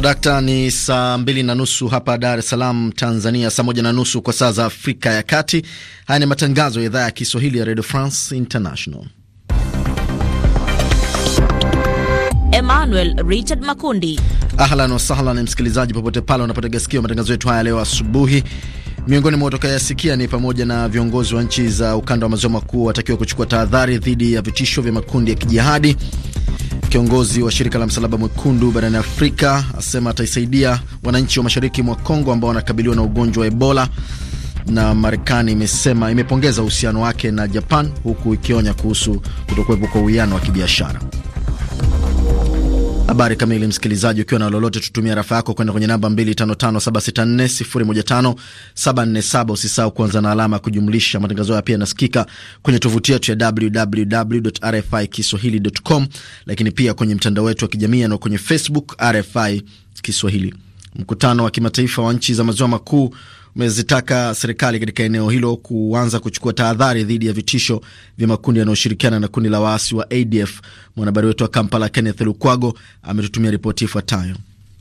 dakta ni saa mbili na nusu hapa Dar es Salaam, Tanzania, saa moja na nusu kwa saa za Afrika ya Kati. Haya ni matangazo ya idhaa ya Kiswahili ya Redio France International. Emmanuel Richard Makundi. Ahlan wasahlan, msikilizaji popote pale unapotega sikio matangazo yetu haya leo asubuhi. Miongoni mwa utakayasikia ni pamoja na viongozi wa nchi za ukanda wa maziwa makuu watakiwa kuchukua tahadhari dhidi ya vitisho vya makundi ya kijihadi Kiongozi wa shirika la Msalaba Mwekundu barani Afrika asema ataisaidia wananchi wa mashariki mwa Kongo ambao wanakabiliwa na ugonjwa wa Ebola, na Marekani imesema imepongeza uhusiano wake na Japan, huku ikionya kuhusu kutokuwepo kwa uwiano wa kibiashara. Habari kamili, msikilizaji, ukiwa na lolote, tutumia rafa yako kwenda kwenye namba 255764015747. Usisahau kuanza na alama ya kujumlisha. Matangazo haya pia yanasikika kwenye tovuti yetu ya www.rfikiswahili.com, lakini pia kwenye mtandao wetu wa kijamii na kwenye Facebook RFI Kiswahili. Mkutano wa kimataifa wa nchi za maziwa makuu umezitaka serikali katika eneo hilo kuanza kuchukua tahadhari dhidi ya vitisho vya makundi yanayoshirikiana na kundi la waasi wa ADF. Mwanahabari wetu wa Kampala, Kenneth Lukwago, ametutumia ripoti ifuatayo.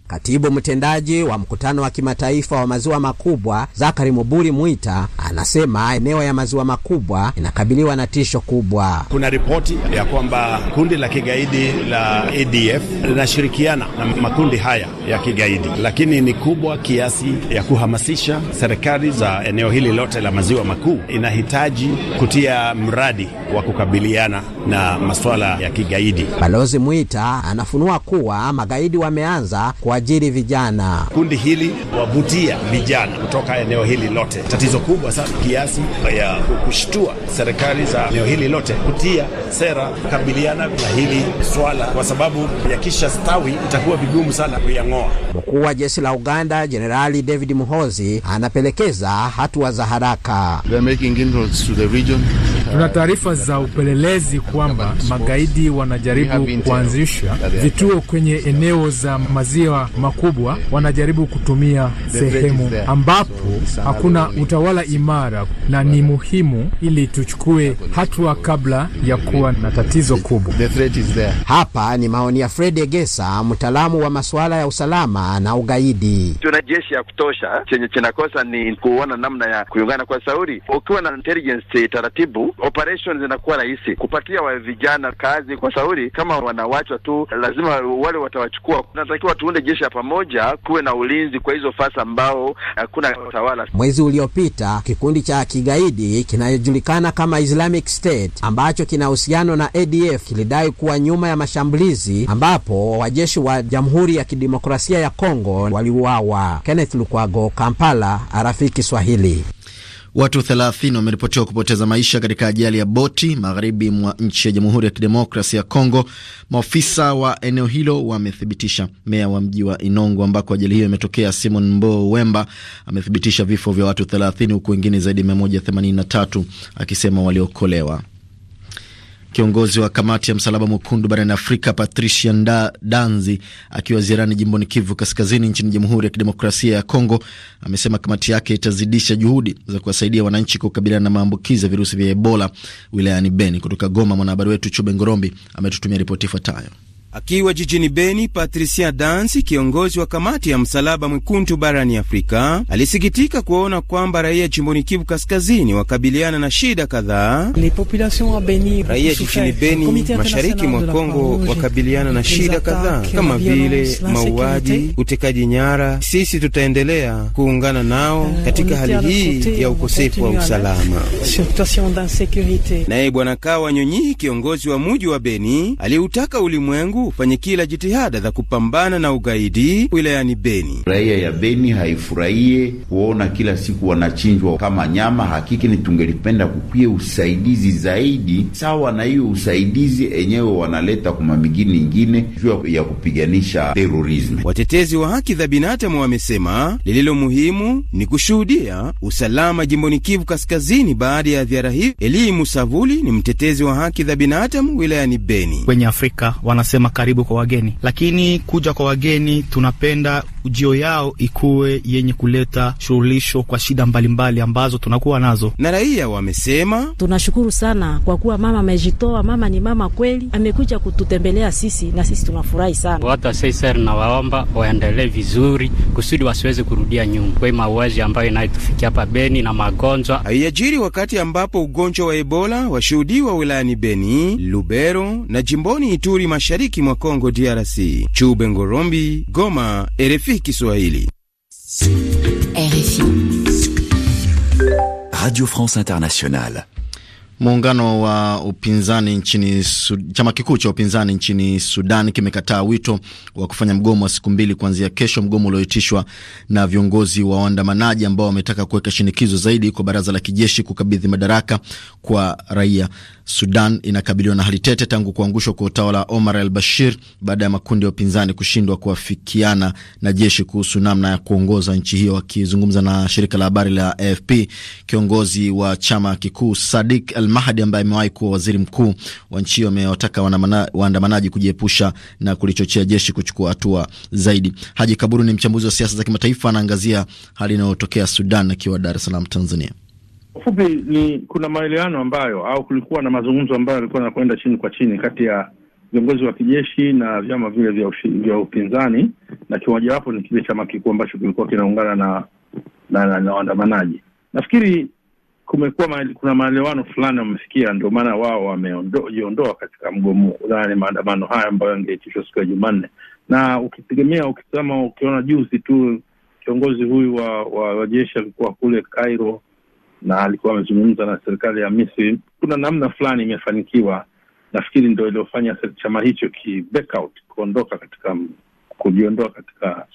Katibu mtendaji wa mkutano wa kimataifa wa maziwa makubwa Zakari Muburi Mwita anasema eneo ya maziwa makubwa inakabiliwa na tisho kubwa. Kuna ripoti ya kwamba kundi la kigaidi la ADF linashirikiana na makundi haya ya kigaidi, lakini ni kubwa kiasi ya kuhamasisha serikali za eneo hili lote la maziwa makuu inahitaji kutia mradi wa kukabiliana na masuala ya kigaidi. Balozi Mwita anafunua kuwa magaidi wameanza kwa kuajiri vijana. Kundi hili wavutia vijana kutoka eneo hili lote. Tatizo kubwa sana kiasi ya kushtua serikali za eneo hili lote kutia sera kukabiliana na hili swala, kwa sababu yakisha stawi itakuwa vigumu sana kuyang'oa. Mkuu wa jeshi la Uganda Jenerali David Muhozi anapelekeza hatua za haraka. Tuna taarifa za upelelezi kwamba magaidi wanajaribu kuanzisha vituo kwenye eneo za maziwa makubwa, wanajaribu kutumia sehemu ambapo hakuna utawala imara, na ni muhimu ili tuchukue hatua kabla ya kuwa na tatizo kubwa. Hapa ni maoni ya Fred Egesa, mtaalamu wa masuala ya usalama na ugaidi. Tuna jeshi ya kutosha, chenye chinakosa ni kuona namna ya kuungana kwa sauri. Ukiwa na intelligence taratibu operations zinakuwa rahisi kupatia wa vijana kazi, kwa shauri kama wanawachwa tu, lazima wale watawachukua. Tunatakiwa tuunde jeshi ya pamoja, kuwe na ulinzi kwa hizo fasi ambao hakuna utawala. Mwezi uliopita kikundi cha kigaidi kinachojulikana kama Islamic State ambacho kina uhusiano na ADF kilidai kuwa nyuma ya mashambulizi ambapo wajeshi wa Jamhuri ya Kidemokrasia ya Kongo waliuawa. Kenneth Lukwago, Kampala, Arafiki Swahili. Watu 30 wameripotiwa kupoteza maisha katika ajali ya boti magharibi mwa nchi ya Jamhuri ya Kidemokrasia ya Kongo. Maofisa wa eneo hilo wamethibitisha. Meya wa mji wa Inongo ambako ajali hiyo imetokea, Simon Mbo Wemba amethibitisha vifo vya watu 30 huku wengine zaidi ya 183 akisema waliokolewa. Kiongozi wa kamati ya Msalaba Mwekundu barani Afrika Patricia Nda, Danzi akiwa ziarani jimboni Kivu Kaskazini nchini Jamhuri ya Kidemokrasia ya Kongo amesema kamati yake itazidisha juhudi za kuwasaidia wananchi kukabiliana na maambukizi ya virusi vya Ebola wilayani Beni. Kutoka Goma, mwanahabari wetu Chube Ngorombi ametutumia ripoti ifuatayo. Akiwa jijini Beni, Patricia Dansi, kiongozi wa kamati ya Msalaba Mwekundu barani Afrika, alisikitika kuona kwamba raia jimboni Kivu Kaskazini wakabiliana na shida kadhaa. Raia jijini Beni, mashariki mwa Kongo, wakabiliana na shida kadhaa kama vile mauaji, utekaji nyara. Sisi tutaendelea kuungana nao euh, katika hali hii ya ukosefu wa usalama. Naye Bwana Kawa Nyonyi, kiongozi wa muji wa Beni, aliutaka ulimwengu hufanye kila jitihada za kupambana na ugaidi wilayani Beni. Raia ya Beni haifurahie kuona kila siku wanachinjwa kama nyama. Hakiki ni tungelipenda kukie usaidizi zaidi, sawa na hiyo usaidizi enyewe wanaleta kumamigini ingine juu ya kupiganisha terorisme. Watetezi wa haki za binadamu wamesema lililo muhimu ni kushuhudia usalama jimboni Kivu Kaskazini baada ya ziara hiyo. Eli Musavuli ni mtetezi wa haki za binadamu wilayani Beni. Kwenye Afrika wanasema karibu kwa wageni, lakini kuja kwa wageni tunapenda ujio yao ikuwe yenye kuleta shughulisho kwa shida mbalimbali mbali ambazo tunakuwa nazo. Na raia wamesema, tunashukuru sana kwa kuwa mama amejitoa. Mama ni mama kweli, amekuja kututembelea sisi na sisi tunafurahi sana. Watu wa Seiser na waomba waendelee vizuri kusudi wasiweze kurudia nyuma kwa mauaji ambayo inayotufikia hapa Beni na magonjwa haiajiri, wakati ambapo ugonjwa wa Ebola washuhudiwa wilayani Beni, Lubero na jimboni Ituri mashariki mashariki mwa Kongo DRC. Chube Ngorombi, Goma, RFI Kiswahili. RFI Radio France Internationale. Muungano wa upinzani nchini chama kikuu cha upinzani nchini Sudan kimekataa wito wa kufanya mgomo wa siku mbili kuanzia kesho, mgomo ulioitishwa na viongozi wa waandamanaji ambao wametaka kuweka shinikizo zaidi kwa baraza la kijeshi kukabidhi madaraka kwa raia. Sudan inakabiliwa na hali tete tangu kuangushwa kwa utawala wa Omar al Bashir baada ya makundi ya upinzani kushindwa kuafikiana na jeshi kuhusu namna ya kuongoza nchi hiyo. Akizungumza na shirika la habari la AFP, kiongozi wa chama kikuu Sadik Al Mahdi ambaye amewahi kuwa waziri mkuu wa nchi hiyo amewataka waandamanaji kujiepusha na kulichochea jeshi kuchukua hatua zaidi. Haji Kaburu ni mchambuzi wa siasa za kimataifa, anaangazia hali inayotokea Sudan akiwa Dar es Salaam, Tanzania. Fupi ni kuna maelewano ambayo au kulikuwa na mazungumzo ambayo yalikuwa yanakwenda chini kwa chini kati ya viongozi wa kijeshi na vyama vile vya, vya upinzani na kimojawapo ni kile chama kikuu ambacho kilikuwa kinaungana na na waandamanaji. Nafikiri kumekuwa kuna maelewano fulani wamefikia, ndio maana wao wamejiondoa katika mgomo ani maandamano haya ambayo yangeitishwa siku ya Jumanne. Na ukitegemea ukitazama, ukiona juzi tu kiongozi huyu wa, wa, wa jeshi alikuwa kule Cairo na alikuwa amezungumza na serikali ya Misri. Kuna namna fulani imefanikiwa, nafikiri ndo iliyofanya chama hicho ki back out kuondoka katika kujiondoa katika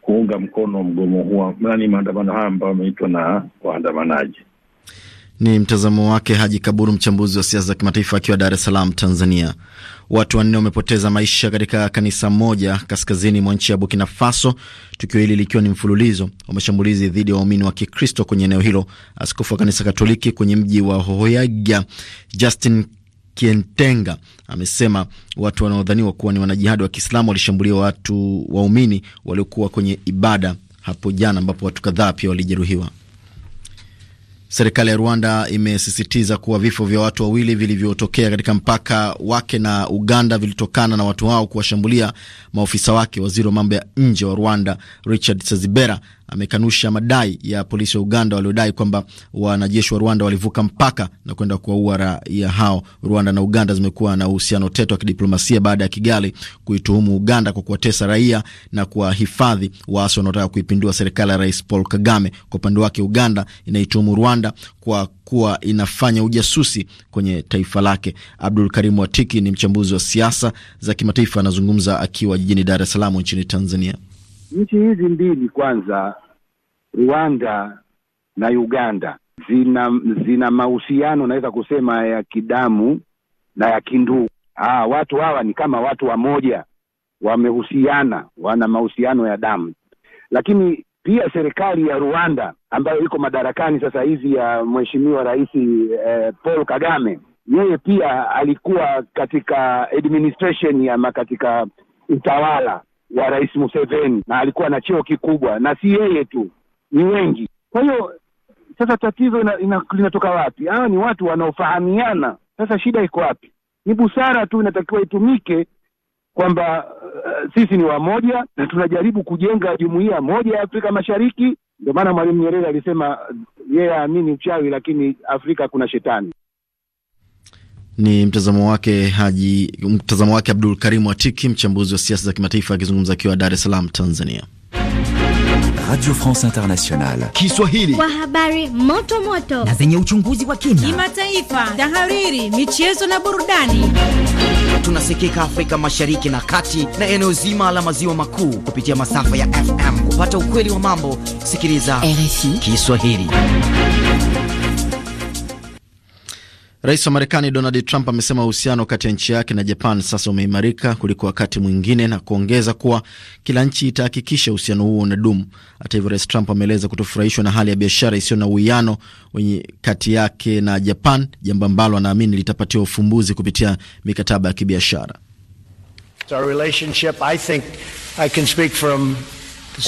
kuunga mkono mgomo huo, nani, maandamano haya ambayo wameitwa na waandamanaji. Ni mtazamo wake Haji Kaburu, mchambuzi wa siasa za kimataifa akiwa Dar es Salaam, Tanzania. Watu wanne wamepoteza maisha katika kanisa moja kaskazini mwa nchi ya Burkina Faso, tukio hili likiwa ni mfululizo wa mashambulizi dhidi ya waumini wa Kikristo kwenye eneo hilo. Askofu wa kanisa Katoliki kwenye mji wa Hohoyaga, Justin Kientenga amesema watu wanaodhaniwa kuwa ni wanajihadi wa Kiislamu walishambulia watu waumini waliokuwa kwenye ibada hapo jana, ambapo watu kadhaa pia walijeruhiwa. Serikali ya Rwanda imesisitiza kuwa vifo vya watu wawili vilivyotokea katika mpaka wake na Uganda vilitokana na watu hao kuwashambulia maofisa wake. Waziri wa mambo ya nje wa Rwanda Richard Sezibera amekanusha madai ya polisi wa Uganda waliodai kwamba wanajeshi wa Rwanda walivuka mpaka na kwenda kuwaua raia hao. Rwanda na Uganda zimekuwa na uhusiano tete wa kidiplomasia baada ya Kigali kuituhumu Uganda kwa kuwatesa raia na kuwahifadhi waasi wanaotaka kuipindua serikali ya Rais Paul Kagame. Kwa upande wake, Uganda inaituhumu Rwanda kwa kuwa inafanya ujasusi kwenye taifa lake. Abdul Karimu Watiki ni mchambuzi wa siasa za kimataifa, anazungumza akiwa jijini Dar es Salaam nchini Tanzania. Nchi hizi mbili kwanza, Rwanda na Uganda zina zina mahusiano naweza kusema ya kidamu na ya kinduu Ah, watu hawa ni kama watu wamoja, wamehusiana, wana mahusiano ya damu. Lakini pia serikali ya Rwanda ambayo iko madarakani sasa hivi ya mheshimiwa rais eh, Paul Kagame, yeye pia alikuwa katika administration ya katika utawala ya Rais Museveni, na alikuwa na cheo kikubwa, na si yeye tu, ni wengi. Kwa hiyo sasa tatizo linatoka wapi? Hawa ni watu wanaofahamiana. Sasa shida iko wapi? Ni busara tu inatakiwa itumike kwamba uh, sisi ni wamoja na tunajaribu kujenga jumuiya moja ya Afrika Mashariki. Ndio maana Mwalimu Nyerere alisema yeye yeah, aamini uchawi, lakini Afrika kuna shetani. Ni mtazamo wake Haji, mtazamo wake Abdul Karimu Atiki, mchambuzi wa siasa za kimataifa akizungumza akiwa Dar es Salaam, Tanzania. Radio France Internationale Kiswahili kwa habari moto moto na zenye uchunguzi wa kina, kimataifa, tahariri, michezo na burudani. Tunasikika Afrika Mashariki na Kati na eneo zima la maziwa makuu kupitia masafa ya FM. Kupata ukweli wa mambo, sikiliza RFI Kiswahili. Rais wa Marekani Donald Trump amesema uhusiano kati ya nchi yake na Japan sasa umeimarika kuliko wakati mwingine na kuongeza kuwa kila nchi itahakikisha uhusiano huo unadumu. Hata hivyo, Rais Trump ameeleza kutofurahishwa na hali ya biashara isiyo na uwiano kati yake na Japan, jambo ambalo anaamini litapatiwa ufumbuzi kupitia mikataba ya kibiashara.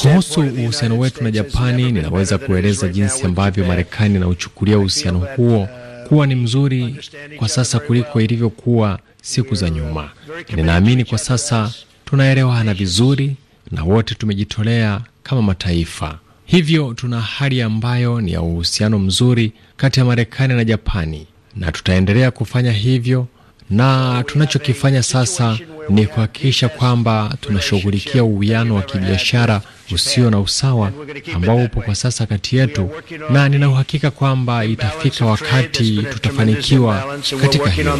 Kuhusu uhusiano wetu na Japani, ninaweza kueleza jinsi ambavyo Marekani inauchukulia uhusiano uh, huo umekuwa ni mzuri kwa sasa kuliko ilivyokuwa siku za nyuma. Ninaamini kwa sasa tunaelewana vizuri na wote tumejitolea kama mataifa, hivyo tuna hali ambayo ni ya uhusiano mzuri kati ya Marekani na Japani, na tutaendelea kufanya hivyo, na tunachokifanya sasa ni kuhakikisha kwamba tunashughulikia uwiano wa kibiashara usio na usawa ambao upo kwa sasa kati yetu, na nina uhakika kwamba itafika wakati tutafanikiwa katika hilo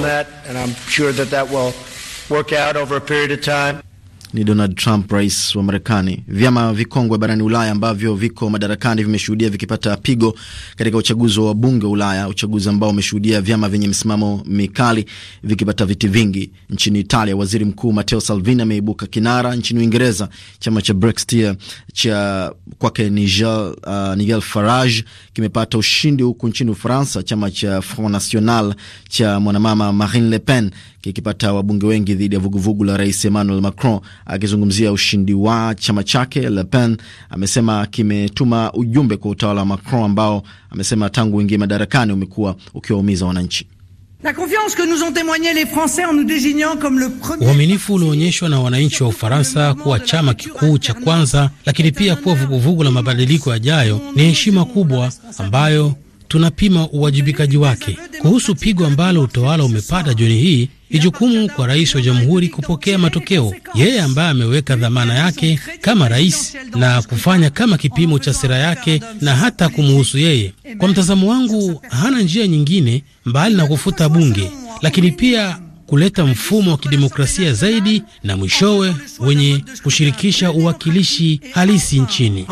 ni Donald Trump, rais wa Marekani. Vyama vikongwe barani Ulaya ambavyo viko madarakani vimeshuhudia vikipata pigo katika uchaguzi wa wabunge wa Ulaya, uchaguzi ambao umeshuhudia vyama vyenye msimamo mikali vikipata viti vingi. Nchini Italia, waziri mkuu Matteo Salvini ameibuka kinara. Nchini Uingereza, chama cha Brexit cha kwake Nigel, uh, Nigel Farage kimepata ushindi, huku nchini Ufaransa chama cha Front National cha mwanamama Marine Le Pen kikipata wabunge wengi dhidi ya vuguvugu la rais Emmanuel Macron. Akizungumzia ushindi wa chama chake, Le Pen amesema kimetuma ujumbe kwa utawala wa Macron ambao amesema tangu uingie madarakani umekuwa ukiwaumiza wananchi. Uaminifu ulioonyeshwa na wananchi wa Ufaransa kuwa chama kikuu cha kwanza, lakini pia kuwa vuguvugu la mabadiliko yajayo ni heshima kubwa ambayo tunapima uwajibikaji wake. Kuhusu pigo ambalo utawala umepata jioni hii, ni jukumu kwa rais wa jamhuri kupokea matokeo, yeye ambaye ameweka dhamana yake kama rais na kufanya kama kipimo cha sera yake na hata kumuhusu yeye. Kwa mtazamo wangu, hana njia nyingine mbali na kufuta bunge, lakini pia kuleta mfumo wa kidemokrasia zaidi na mwishowe wenye kushirikisha uwakilishi halisi nchini.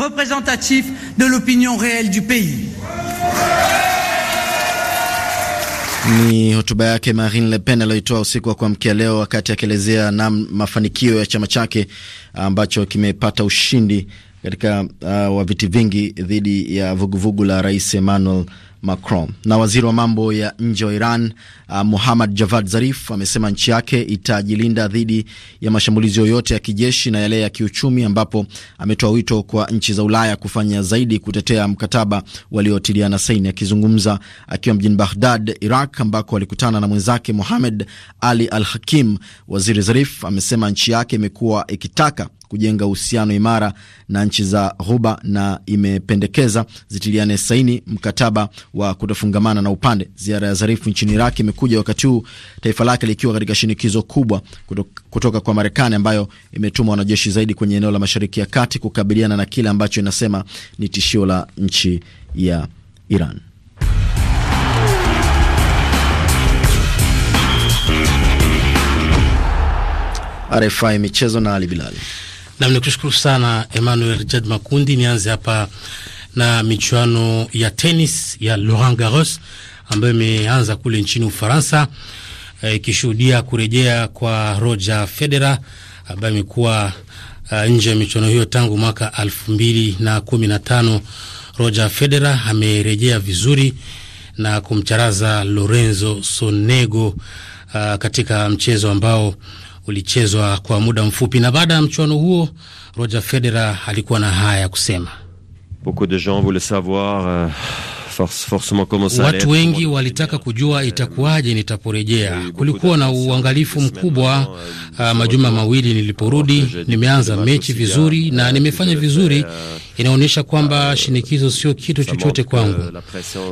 Ni hotuba yake Marine Le Pen aliyoitoa usiku wa kuamkia leo, wakati akielezea na mafanikio ya chama chake ambacho kimepata ushindi katika uh, wa viti vingi dhidi ya vuguvugu la Rais Emmanuel Macron. Na waziri wa mambo ya nje wa Iran uh, Muhammad Javad Zarif amesema nchi yake itajilinda dhidi ya mashambulizi yoyote ya kijeshi na yale ya kiuchumi, ambapo ametoa wito kwa nchi za Ulaya kufanya zaidi kutetea mkataba waliotiliana saini. Akizungumza akiwa mjini Baghdad, Iraq, ambako alikutana na mwenzake Mohamed Ali Al Hakim, waziri Zarif amesema nchi yake imekuwa ikitaka kujenga uhusiano imara na nchi za Ghuba na imependekeza zitiliane saini mkataba wa kutofungamana na upande. Ziara ya Zarifu nchini Iraq imekuja wakati huu taifa lake likiwa katika shinikizo kubwa kutoka, kutoka kwa Marekani ambayo imetuma wanajeshi zaidi kwenye eneo la Mashariki ya Kati kukabiliana na kile ambacho inasema ni tishio la nchi ya Iran. RFI michezo na Ali Bilali. Nam, ni kushukuru sana Emmanuel Jad Makundi. Nianze hapa na michuano ya tenis ya Laurent Garros ambayo imeanza kule nchini Ufaransa eh, ikishuhudia e, kurejea kwa Roger Federer ambaye amekuwa eh, nje ya michuano hiyo tangu mwaka elfu mbili na kumi na tano. Roger Federer amerejea vizuri na kumcharaza Lorenzo Sonego uh, katika mchezo ambao ulichezwa kwa muda mfupi, na baada ya mchuano huo Roger Federer alikuwa na haya ya kusema. Euh, Watu wengi walitaka kujua itakuwaje nitaporejea. Kulikuwa na uangalifu mkubwa euh, euh, majuma mawili niliporudi. Nimeanza mechi vizuri na nimefanya vizuri, inaonyesha kwamba shinikizo sio kitu chochote kwangu,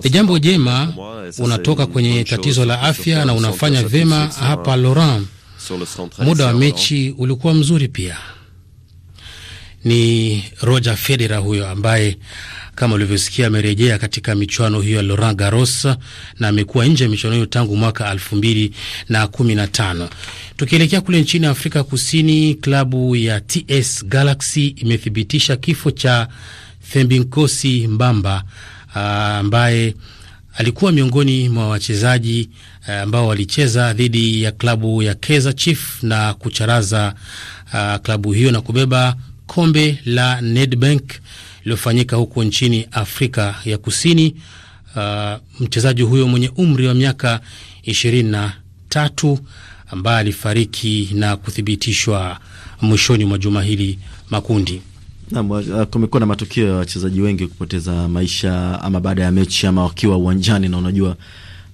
ni jambo jema. Unatoka kwenye tatizo la afya na unafanya vema hapa Laurent Muda wa mechi ulikuwa mzuri pia. Ni Roger Federer huyo ambaye kama ulivyosikia amerejea katika michuano hiyo ya Laurent Garros na amekuwa nje ya michuano hiyo tangu mwaka tano. Tukielekea kule nchini Afrika Kusini, klabu ya TS Galaxy imethibitisha kifo cha Thembinkosi Mbamba ah, ambaye uh, alikuwa miongoni mwa wachezaji eh, ambao walicheza dhidi ya klabu ya Kaizer Chiefs na kucharaza uh, klabu hiyo na kubeba kombe la Nedbank iliyofanyika huko nchini Afrika ya Kusini. Uh, mchezaji huyo mwenye umri wa miaka 23 ambaye alifariki na kuthibitishwa mwishoni mwa juma hili makundi Uh, kumekuwa na matukio ya wachezaji wengi kupoteza maisha ama baada ya mechi ama wakiwa uwanjani, na unajua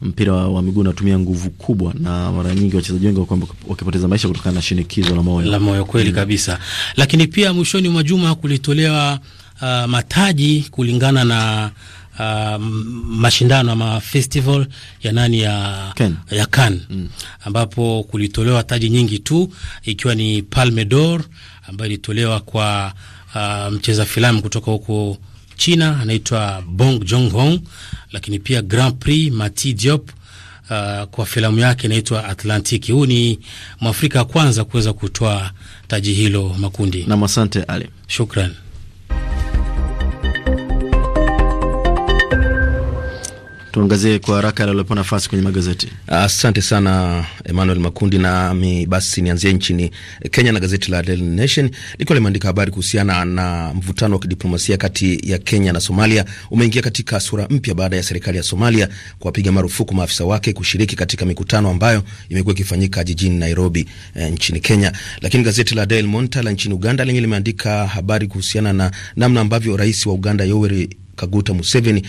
mpira wa miguu unatumia nguvu kubwa, na mara nyingi wachezaji wengi wakipoteza maisha kutokana na shinikizo la moyo la moyo. Kweli mm, kabisa. Lakini pia mwishoni mwa juma kulitolewa uh, mataji kulingana na uh, mashindano ama festival ya nani ya Ken, ya Kan mm, ambapo kulitolewa taji nyingi tu ikiwa ni Palme d'Or ambayo ilitolewa kwa uh, mcheza filamu kutoka huko China anaitwa Bong Joon-ho, lakini pia Grand Prix Mati Diop uh, kwa filamu yake inaitwa Atlantiki. huu ni Mwafrika wa kwanza kuweza kutoa taji hilo makundi. Na asante Ali. Shukran. tuangazie kwa haraka alilopewa nafasi kwenye magazeti. Asante sana Emmanuel Makundi. Nami basi nianzie nchini Kenya na gazeti la Daily Nation likiwa limeandika habari kuhusiana na mvutano wa kidiplomasia kati ya Kenya na Somalia umeingia katika sura mpya baada ya serikali ya Somalia kuwapiga marufuku maafisa wake kushiriki katika mikutano ambayo imekuwa ikifanyika jijini Nairobi e, nchini Kenya. Lakini gazeti la Daily Monitor la nchini Uganda lenye limeandika habari kuhusiana na namna ambavyo rais wa Uganda Yoweri Kaguta Museveni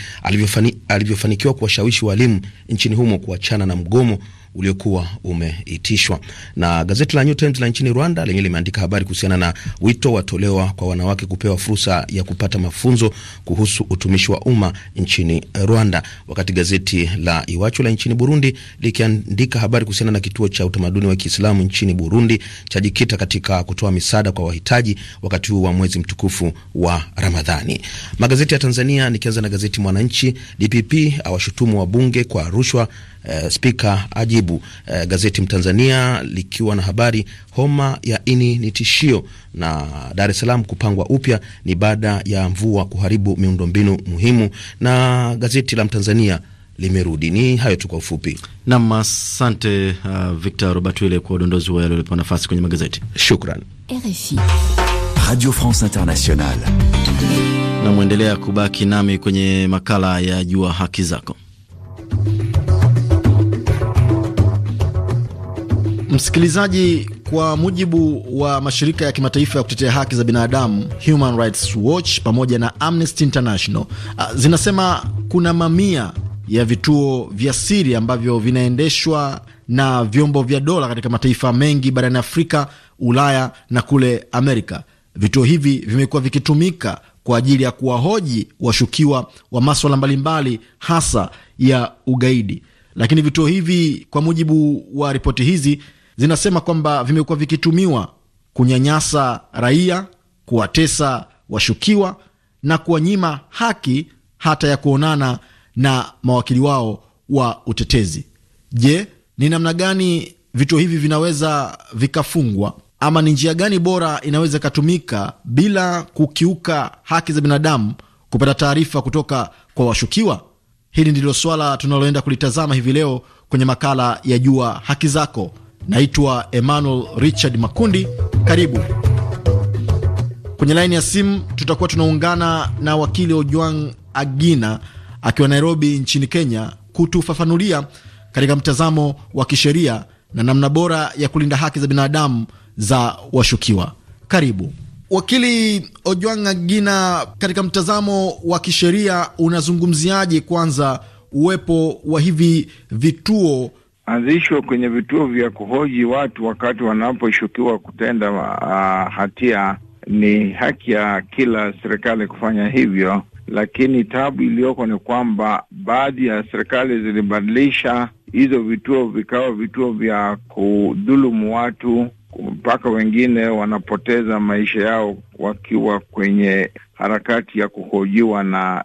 alivyofanikiwa kuwashawishi walimu nchini humo kuachana na mgomo uliokuwa umeitishwa na gazeti la New Times la nchini Rwanda lenye limeandika habari kuhusiana na wito watolewa kwa wanawake kupewa fursa ya kupata mafunzo kuhusu utumishi wa umma nchini Rwanda, wakati gazeti la Iwacho la nchini Burundi likiandika habari kuhusiana na kituo cha utamaduni wa Kiislamu nchini Burundi chajikita katika kutoa misaada kwa wahitaji wakati huu wa mwezi mtukufu wa Ramadhani. Magazeti ya Tanzania, nikianza na gazeti Mwananchi, DPP awashutumu wabunge kwa rushwa uh, spika ajibu. Uh, gazeti Mtanzania likiwa na habari homa ya ini ni tishio na Dar es Salaam kupangwa upya ni baada ya mvua kuharibu miundombinu muhimu, na gazeti la Mtanzania limerudi. Ni hayo tu kwa ufupi. Nam, asante uh, Victor Robert Wile kwa udondozi wa yale uliopewa nafasi kwenye magazeti, shukran. RFI Radio France Internationale, namwendelea kubaki nami kwenye makala ya Jua Haki Zako. Msikilizaji, kwa mujibu wa mashirika ya kimataifa ya kutetea haki za binadamu Human Rights Watch pamoja na Amnesty International ah, zinasema kuna mamia ya vituo vya siri ambavyo vinaendeshwa na vyombo vya dola katika mataifa mengi barani Afrika, Ulaya na kule Amerika. Vituo hivi vimekuwa vikitumika kwa ajili ya kuwahoji washukiwa wa maswala mbalimbali hasa ya ugaidi. Lakini vituo hivi, kwa mujibu wa ripoti hizi, zinasema kwamba vimekuwa vikitumiwa kunyanyasa raia, kuwatesa washukiwa na kuwanyima haki hata ya kuonana na mawakili wao wa utetezi. Je, ni namna gani vituo hivi vinaweza vikafungwa ama ni njia gani bora inaweza ikatumika bila kukiuka haki za binadamu kupata taarifa kutoka kwa washukiwa? Hili ndilo swala tunaloenda kulitazama hivi leo kwenye makala ya Jua Haki Zako. Naitwa Emmanuel Richard Makundi. Karibu kwenye laini ya simu. Tutakuwa tunaungana na wakili ojuang Agina akiwa Nairobi nchini Kenya kutufafanulia katika mtazamo wa kisheria na namna bora ya kulinda haki za binadamu za washukiwa. Karibu wakili ojuang Agina, katika mtazamo wa kisheria unazungumziaje kwanza uwepo wa hivi vituo anzishwe kwenye vituo vya kuhoji watu wakati wanaposhukiwa kutenda uh, hatia. Ni haki ya kila serikali kufanya hivyo, lakini tabu iliyoko ni kwamba baadhi ya serikali zilibadilisha hizo vituo vikawa vituo vya kudhulumu watu mpaka wengine wanapoteza maisha yao wakiwa kwenye harakati ya kuhojiwa na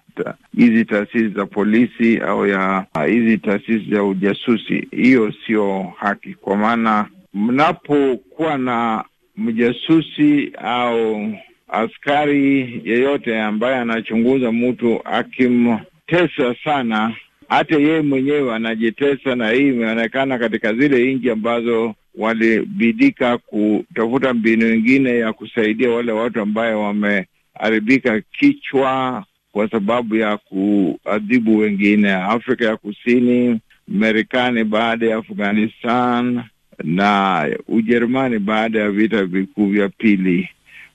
hizi taasisi za polisi au ya hizi taasisi za ujasusi. Hiyo sio haki, kwa maana mnapokuwa na mjasusi au askari yeyote ambaye anachunguza mtu akimtesa sana, hata yeye mwenyewe anajitesa, na hii imeonekana katika zile nchi ambazo walibidika kutafuta mbinu ingine ya kusaidia wale watu ambaye wame haribika kichwa kwa sababu ya kuadhibu wengine. Afrika ya Kusini, Marekani baada ya Afghanistan na Ujerumani baada ya vita vikuu vya pili.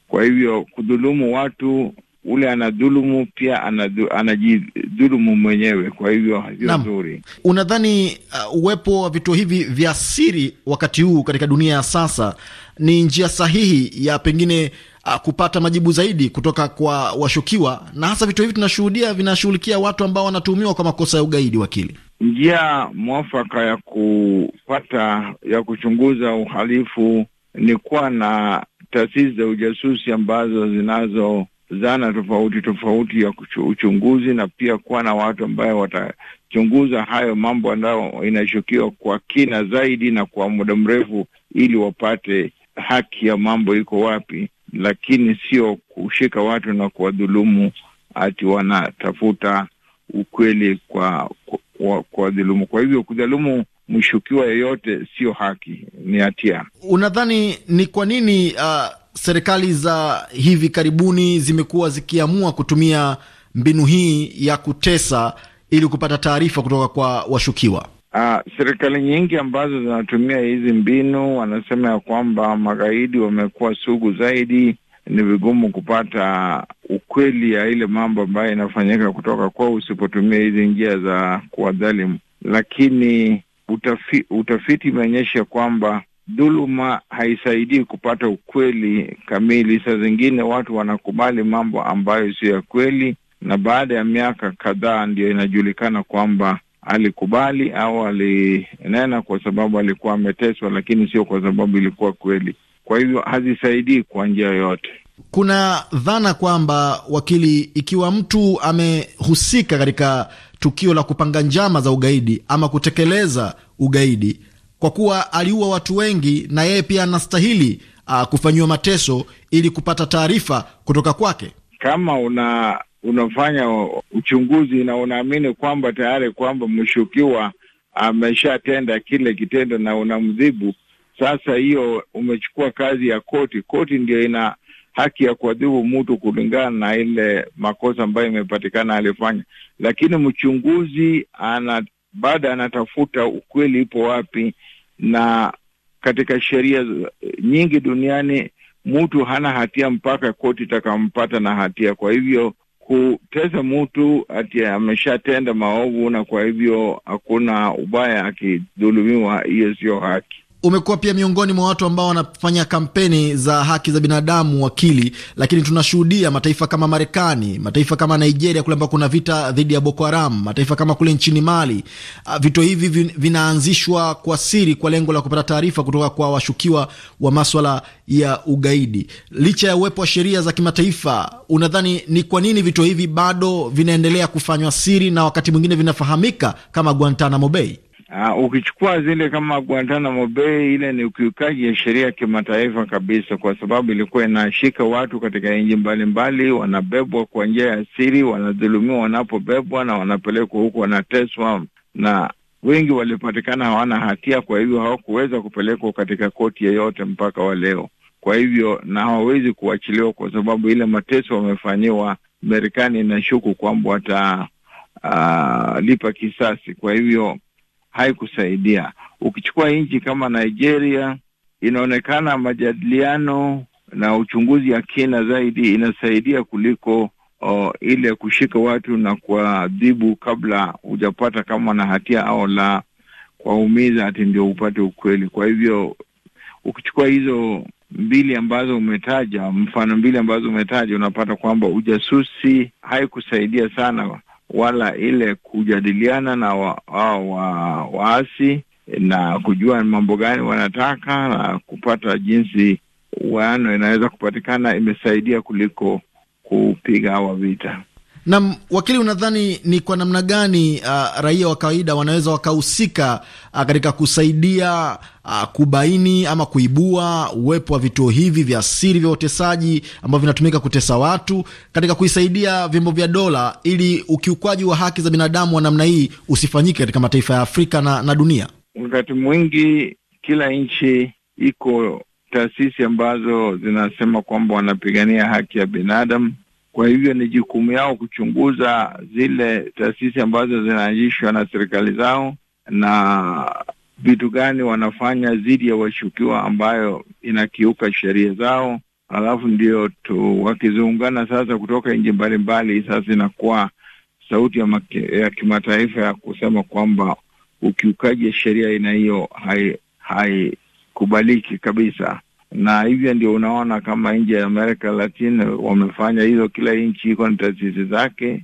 Kwa hivyo kudhulumu watu, ule anadhulumu pia anadu, anajidhulumu mwenyewe. Kwa hivyo sio nzuri. Unadhani uh, uwepo wa vituo hivi vya siri wakati huu katika dunia ya sasa ni njia sahihi ya pengine uh, kupata majibu zaidi kutoka kwa washukiwa, na hasa vituo hivi tunashuhudia vinashughulikia watu ambao wanatuhumiwa kwa makosa ya ugaidi. Wakili, njia mwafaka ya kupata ya kuchunguza uhalifu ni kuwa na taasisi za ujasusi ambazo zinazo zana tofauti tofauti ya uchunguzi na pia kuwa na watu ambayo watachunguza hayo mambo ambayo inashukiwa kwa kina zaidi na kwa muda mrefu, ili wapate haki ya mambo iko wapi lakini sio kushika watu na kuwadhulumu ati wanatafuta ukweli kwa kuwadhulumu. Kwa, hivyo kudhulumu mshukiwa yeyote sio haki, ni hatia. Unadhani ni kwa nini uh, serikali za hivi karibuni zimekuwa zikiamua kutumia mbinu hii ya kutesa ili kupata taarifa kutoka kwa washukiwa? Uh, serikali nyingi ambazo zinatumia hizi mbinu wanasema ya kwamba magaidi wamekuwa sugu zaidi, ni vigumu kupata ukweli ya ile mambo ambayo inafanyika kutoka kwao usipotumia hizi njia za kuwadhalimu. Lakini utafi, utafiti imeonyesha kwamba dhuluma haisaidii kupata ukweli kamili. Saa zingine watu wanakubali mambo ambayo sio ya kweli, na baada ya miaka kadhaa ndio inajulikana kwamba alikubali au alinena kwa sababu alikuwa ameteswa, lakini sio kwa sababu ilikuwa kweli. Kwa hivyo hazisaidii kwa njia yoyote. Kuna dhana kwamba wakili, ikiwa mtu amehusika katika tukio la kupanga njama za ugaidi ama kutekeleza ugaidi, kwa kuwa aliua watu wengi, na yeye pia anastahili ah, kufanyiwa mateso ili kupata taarifa kutoka kwake. Kama una unafanya uchunguzi na unaamini kwamba tayari kwamba mshukiwa ameshatenda kile kitendo na unamdhibu. Sasa hiyo umechukua kazi ya koti. Koti ndio ina haki ya kuadhibu mtu kulingana na ile makosa ambayo imepatikana alifanya, lakini mchunguzi ana bado anatafuta ukweli ipo wapi, na katika sheria nyingi duniani mtu hana hatia mpaka koti itakampata na hatia. Kwa hivyo kuteza mtu ati ameshatenda maovu na kwa hivyo hakuna ubaya akidhulumiwa, hiyo sio haki umekuwa pia miongoni mwa watu ambao wanafanya kampeni za haki za binadamu, wakili. Lakini tunashuhudia mataifa kama Marekani, mataifa kama Nigeria kule ambao kuna vita dhidi ya Boko Haram, mataifa kama kule nchini Mali, ah, vito hivi vinaanzishwa kwa siri kwa lengo la kupata taarifa kutoka kwa washukiwa wa maswala ya ugaidi. Licha ya uwepo wa sheria za kimataifa, unadhani ni kwa nini vito hivi bado vinaendelea kufanywa siri na wakati mwingine vinafahamika kama Guantanamo Bay? Uh, ukichukua zile kama Guantanamo Bay, ile ni ukiukaji ya sheria ya kimataifa kabisa, kwa sababu ilikuwa inashika watu katika nchi mbalimbali, wanabebwa kwa njia ya siri, wanadhulumiwa wanapobebwa na wanapelekwa huko, wanateswa na wengi walipatikana hawana hatia, kwa hivyo hawakuweza kupelekwa katika koti yeyote mpaka wa leo. Kwa hivyo na hawawezi kuachiliwa kwa sababu ile mateso wamefanyiwa, Marekani inashuku kwamba watalipa ah, uh, kisasi. Kwa hivyo haikusaidia. Ukichukua nchi kama Nigeria, inaonekana majadiliano na uchunguzi ya kina zaidi inasaidia kuliko o, ile kushika watu na kuadhibu kabla hujapata kama na hatia au la, kuwaumiza hati ndio upate ukweli. Kwa hivyo ukichukua hizo mbili ambazo umetaja, mfano mbili ambazo umetaja, unapata kwamba ujasusi haikusaidia sana wala ile kujadiliana na wa, wa, wa, waasi na kujua mambo gani wanataka na kupata jinsi wano inaweza kupatikana imesaidia kuliko kupiga hawa vita. Nam wakili, unadhani ni kwa namna gani uh, raia wa kawaida wanaweza wakahusika uh, katika kusaidia uh, kubaini ama kuibua uwepo wa vituo hivi vya siri vya utesaji ambavyo vinatumika kutesa watu katika kuisaidia vyombo vya dola ili ukiukwaji wa haki za binadamu wa namna hii usifanyike katika mataifa ya Afrika na, na dunia? Wakati mwingi kila nchi iko taasisi ambazo zinasema kwamba wanapigania haki ya binadamu kwa hivyo ni jukumu yao kuchunguza zile taasisi ambazo zinaanzishwa na serikali zao na vitu gani wanafanya dhidi ya washukiwa ambayo inakiuka sheria zao. Alafu ndio tu wakiziungana sasa kutoka nchi mbalimbali, sasa inakuwa sauti ya, ya kimataifa ya kusema kwamba ukiukaji wa sheria aina hiyo haikubaliki hai kabisa na hivyo ndio unaona kama nchi ya Amerika Latini wamefanya hizo, kila nchi iko na taasisi zake.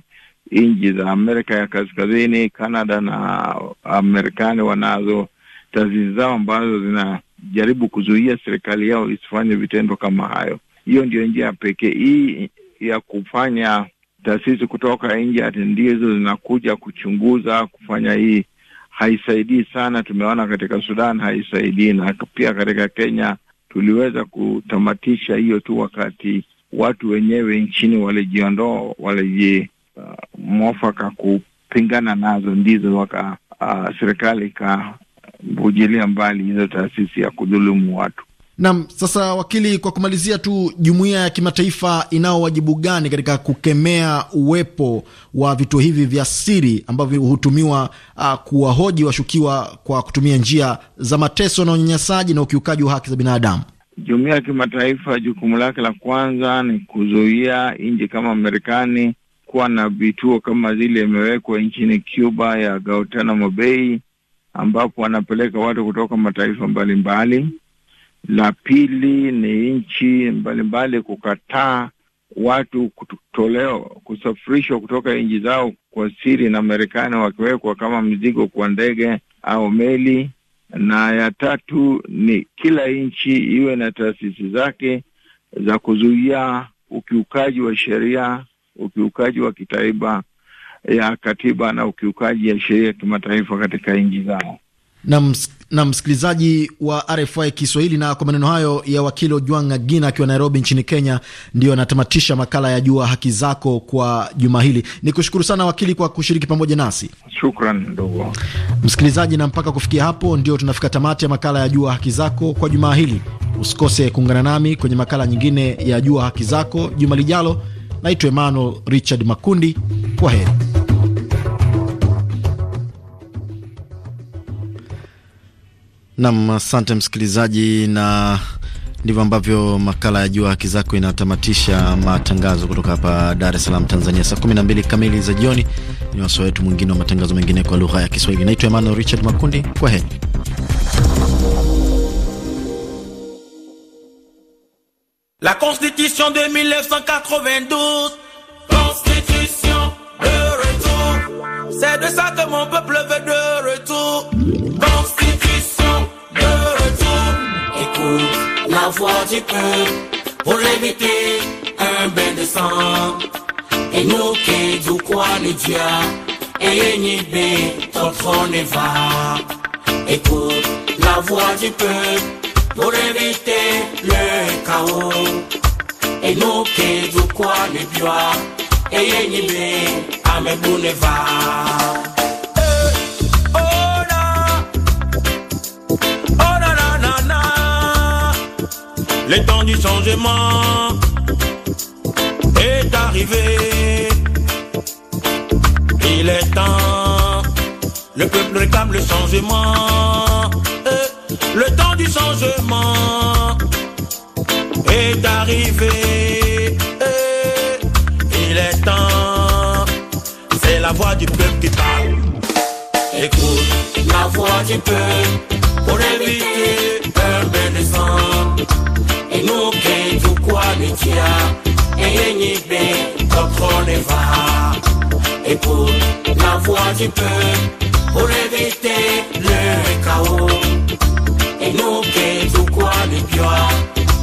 Nchi za Amerika ya Kaskazini, Canada na Amerikani wanazo taasisi zao ambazo zinajaribu kuzuia serikali yao isifanye vitendo kama hayo. Hiyo ndio njia pekee hii ya kufanya taasisi kutoka nje ati ndizo zinakuja kuchunguza kufanya hii, haisaidii sana. Tumeona katika Sudan haisaidii, na pia katika Kenya tuliweza kutamatisha hiyo tu wakati watu wenyewe nchini walijiondoa, walijimwafaka uh, kupingana nazo, ndizo waka uh, serikali ikavujilia mbali hizo taasisi ya kudhulumu watu. Nam, sasa wakili, kwa kumalizia tu, jumuiya ya kimataifa inao wajibu gani katika kukemea uwepo wa vituo hivi vya siri ambavyo hutumiwa uh, kuwahoji washukiwa kwa kutumia njia za mateso na unyanyasaji na ukiukaji wa haki za binadamu? Jumuiya ya kimataifa jukumu lake la kwanza ni kuzuia nchi kama Marekani kuwa na vituo kama zile imewekwa nchini Cuba ya Guantanamo Bay, ambapo wanapeleka watu kutoka mataifa mbalimbali mbali. La pili ni nchi mbalimbali kukataa watu kutolewa kusafirishwa kutoka nchi zao kwa siri na Marekani wakiwekwa kama mzigo kwa ndege au meli. Na ya tatu ni kila nchi iwe na taasisi zake za kuzuia ukiukaji wa sheria, ukiukaji wa kitaiba ya katiba na ukiukaji ya sheria ya kimataifa katika nchi zao na, msikilizaji wa RFI Kiswahili. Na kwa maneno hayo ya wakili Ojwang Agina akiwa Nairobi nchini Kenya, ndiyo anatamatisha makala ya Jua Haki Zako kwa juma hili. Ni kushukuru sana wakili kwa kushiriki pamoja nasi. Shukran ndugu msikilizaji, na mpaka kufikia hapo ndio tunafika tamati ya makala ya Jua Haki Zako kwa juma hili. Usikose kuungana nami kwenye makala nyingine ya Jua Haki Zako juma lijalo. Naitwa Emmanuel Richard Makundi, kwa heri. Nam, asante msikilizaji, na ndivyo ambavyo makala ya Jua Haki Zako inatamatisha matangazo kutoka hapa Dar es Salaam, Tanzania. Saa 12 kamili za jioni ni wasaa wetu mwingine wa matangazo mengine kwa lugha ya Kiswahili. Naitwa Emmanuel Richard Makundi, kwa heri. La Constitution de 1992, c'est de ça que mon peuple veut de retour. Constitution la voix du peuple, pour éviter un bain de sang. Et nous qui du quoi le Dieu, et ni ton on ne va. Écoute la voix du peuple, pour éviter le chaos. Et nous qui du quoi le Dieu, et ni bé, à temps du changement est arrivé. Il est temps, le peuple réclame le changement. Eh, le temps du changement est arrivé. Eh, il est temps, c'est la voix du peuple qui parle. Écoute la voix du peuple pour éviter on ne eyenyibe et écoute la voix du peuple pour éviter le chaos Et enuke tukwabikira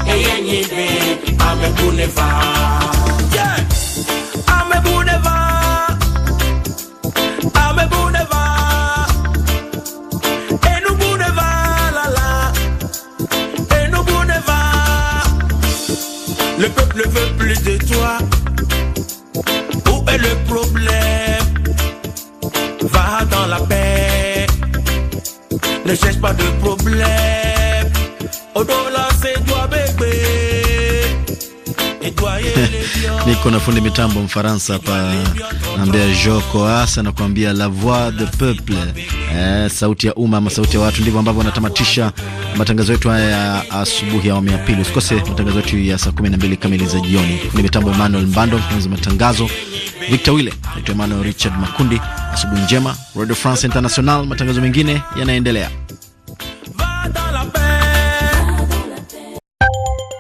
eyenyibe amekuneva yeah! Niko na fundi mitambo Mfaransa hapa, naambia Jo Coas kuambia la voix de peuple, eh, sauti ya umma ama sauti ya watu. Ndivyo ambavyo wanatamatisha matangazo yetu haya ya asubuhi ya awamu ya pili. Usikose matangazo yetu ya saa mbili kamili za jioni. Fundi mitambo Emmanuel Mbando, mtangazaji matangazo Victor Wile, naitwa Emmanuel Richard Makundi. Asubuhi njema, Radio France International. Matangazo mengine yanaendelea.